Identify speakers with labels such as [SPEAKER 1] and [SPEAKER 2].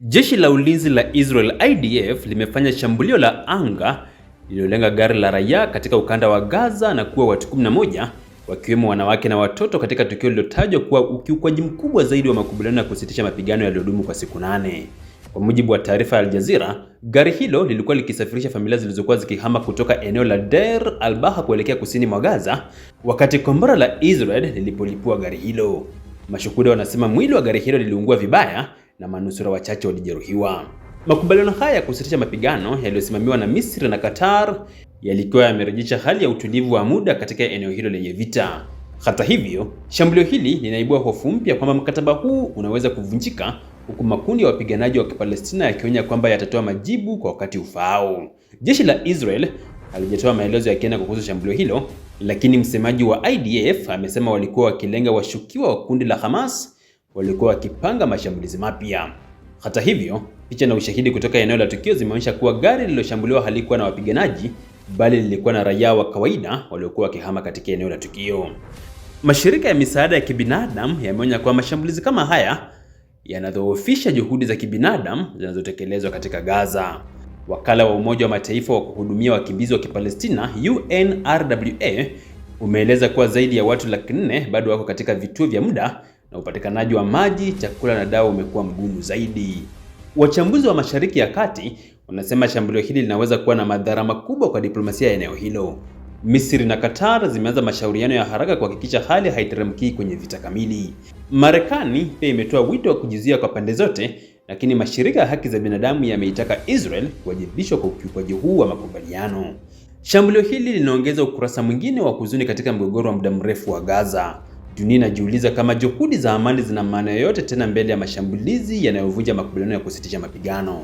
[SPEAKER 1] Jeshi la ulinzi la Israel IDF limefanya shambulio la anga lililolenga gari la raia katika ukanda wa Gaza na kuua watu 11 wakiwemo wanawake na watoto katika tukio lililotajwa kuwa ukiukwaji mkubwa zaidi wa makubaliano ya kusitisha mapigano yaliyodumu kwa siku nane. Kwa mujibu wa taarifa ya Al Jazeera, gari hilo lilikuwa likisafirisha familia zilizokuwa zikihama kutoka eneo la Deir al-Baha kuelekea kusini mwa Gaza, wakati kombora la Israel lilipolipua gari hilo. Mashuhuda wanasema mwili wa gari hilo liliungua vibaya na manusura wachache walijeruhiwa. Makubaliano haya ya kusitisha mapigano yaliyosimamiwa na Misri na Qatar yalikuwa yamerejesha hali ya utulivu wa muda katika eneo hilo lenye vita. Hata hivyo, shambulio hili linaibua hofu mpya kwamba mkataba huu unaweza kuvunjika, huku makundi ya wapiganaji wa Kipalestina yakionya kwamba yatatoa majibu kwa wakati ufaao. Jeshi la Israel alijatoa maelezo ya kina kuhusu shambulio hilo, lakini msemaji wa IDF amesema walikuwa wakilenga washukiwa wa kundi la Hamas walikuwa wakipanga mashambulizi mapya. Hata hivyo, picha na ushahidi kutoka eneo la tukio zimeonyesha kuwa gari lililoshambuliwa halikuwa na wapiganaji, bali lilikuwa na raia wa kawaida waliokuwa wakihama katika eneo la tukio. Mashirika ya misaada ya kibinadamu yameonya kuwa mashambulizi kama haya yanadhoofisha juhudi za kibinadamu zinazotekelezwa katika Gaza. Wakala wa Umoja wa Mataifa wa kuhudumia wakimbizi wa Kipalestina, UNRWA, umeeleza kuwa zaidi ya watu laki nne bado wako katika vituo vya muda na upatikanaji wa maji, chakula na dawa umekuwa mgumu zaidi. Wachambuzi wa Mashariki ya Kati wanasema shambulio hili linaweza kuwa na madhara makubwa kwa diplomasia ya eneo hilo. Misri na Qatar zimeanza mashauriano ya haraka kuhakikisha hali haiteremkii kwenye vita kamili. Marekani pia imetoa wito wa kujizuia kwa pande zote, lakini mashirika ya haki za binadamu yameitaka Israel kuwajibishwa kwa ukiukwaji huu wa makubaliano. Shambulio hili linaongeza ukurasa mwingine wa huzuni katika mgogoro wa muda mrefu wa Gaza. Dunia inajiuliza kama juhudi za amani zina maana yoyote tena mbele ya mashambulizi yanayovunja makubaliano ya kusitisha mapigano.